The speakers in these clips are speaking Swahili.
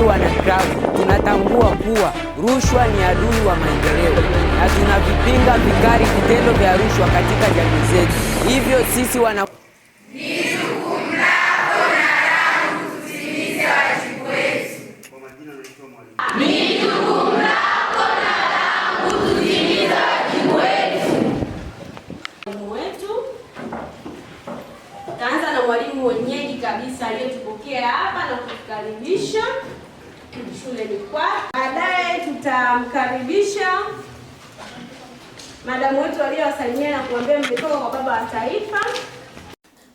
Sisi wanakrabu tunatambua kuwa rushwa ni adui wa maendeleo na tunavipinga vikali vitendo vya rushwa katika jamii zetu. Hivyo sisi wana Taanza na mwalimu mwenyeji kabisa aliyetupokea hapa na kutukaribisha shuleni kwake. Baadaye tutamkaribisha madamu wetu waliowasalimia na kuambia mmetoka kwa baba wa taifa.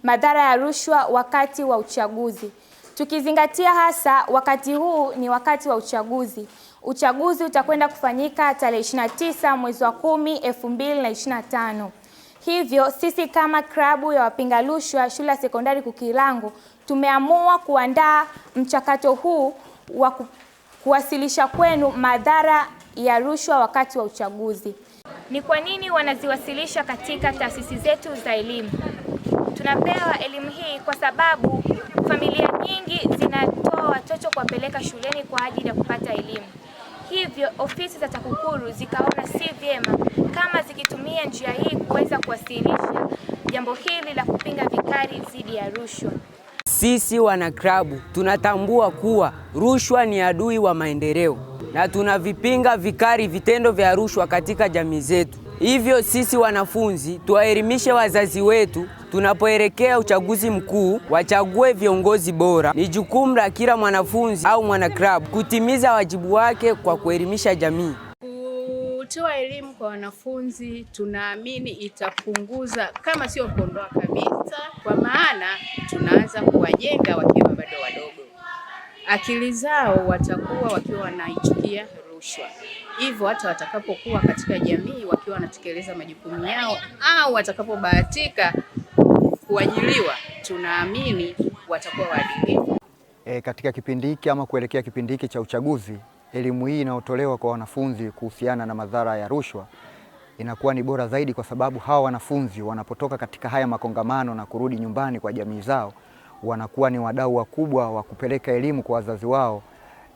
Madhara ya rushwa wakati wa uchaguzi, tukizingatia hasa wakati huu ni wakati wa uchaguzi. Uchaguzi utakwenda kufanyika tarehe 29 mwezi wa 10 2025. Hivyo sisi kama klabu ya wapinga rushwa shule ya sekondari Kukilango tumeamua kuandaa mchakato huu wa kuwasilisha kwenu madhara ya rushwa wakati wa uchaguzi. Ni kwa nini wanaziwasilisha katika taasisi zetu za elimu? Tunapewa elimu hii kwa sababu familia nyingi zinatoa watoto kuwapeleka shuleni kwa ajili ya kupata elimu. Hivyo ofisi za TAKUKURU zikaona si vyema kama zikitumia njia hii kuweza kuwasilisha jambo hili la kupinga vikali dhidi ya rushwa. Sisi wanaklabu tunatambua kuwa rushwa ni adui wa maendeleo na tunavipinga vikali vitendo vya rushwa katika jamii zetu. Hivyo sisi wanafunzi tuwaelimishe wazazi wetu tunapoelekea uchaguzi mkuu, wachague viongozi bora. Ni jukumu la kila mwanafunzi au mwanaklabu kutimiza wajibu wake kwa kuelimisha jamii. Kutoa elimu kwa wanafunzi tunaamini itapunguza kama sio kuondoa kabisa, kwa maana tunaanza kuwajenga wakiwa bado wadogo, akili zao watakuwa wakiwa wanaichukia rushwa, hivyo hata watakapokuwa katika jamii wakiwa wanatekeleza majukumu yao au watakapobahatika kuajiliwa, tunaamini watakuwa waadilifu. E, katika kipindi hiki ama kuelekea kipindi hiki cha uchaguzi elimu hii inayotolewa kwa wanafunzi kuhusiana na madhara ya rushwa inakuwa ni bora zaidi, kwa sababu hawa wanafunzi wanapotoka katika haya makongamano na kurudi nyumbani kwa jamii zao, wanakuwa ni wadau wakubwa wa kupeleka elimu kwa wazazi wao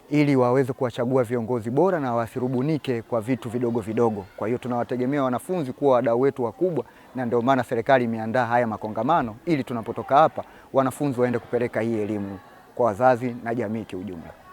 ili waweze kuwachagua viongozi bora na wasirubunike kwa vitu vidogo vidogo. Kwa hiyo tunawategemea wanafunzi kuwa wadau wetu wakubwa, na ndio maana serikali imeandaa haya makongamano ili tunapotoka hapa wanafunzi waende kupeleka hii elimu kwa wazazi na jamii kiujumla.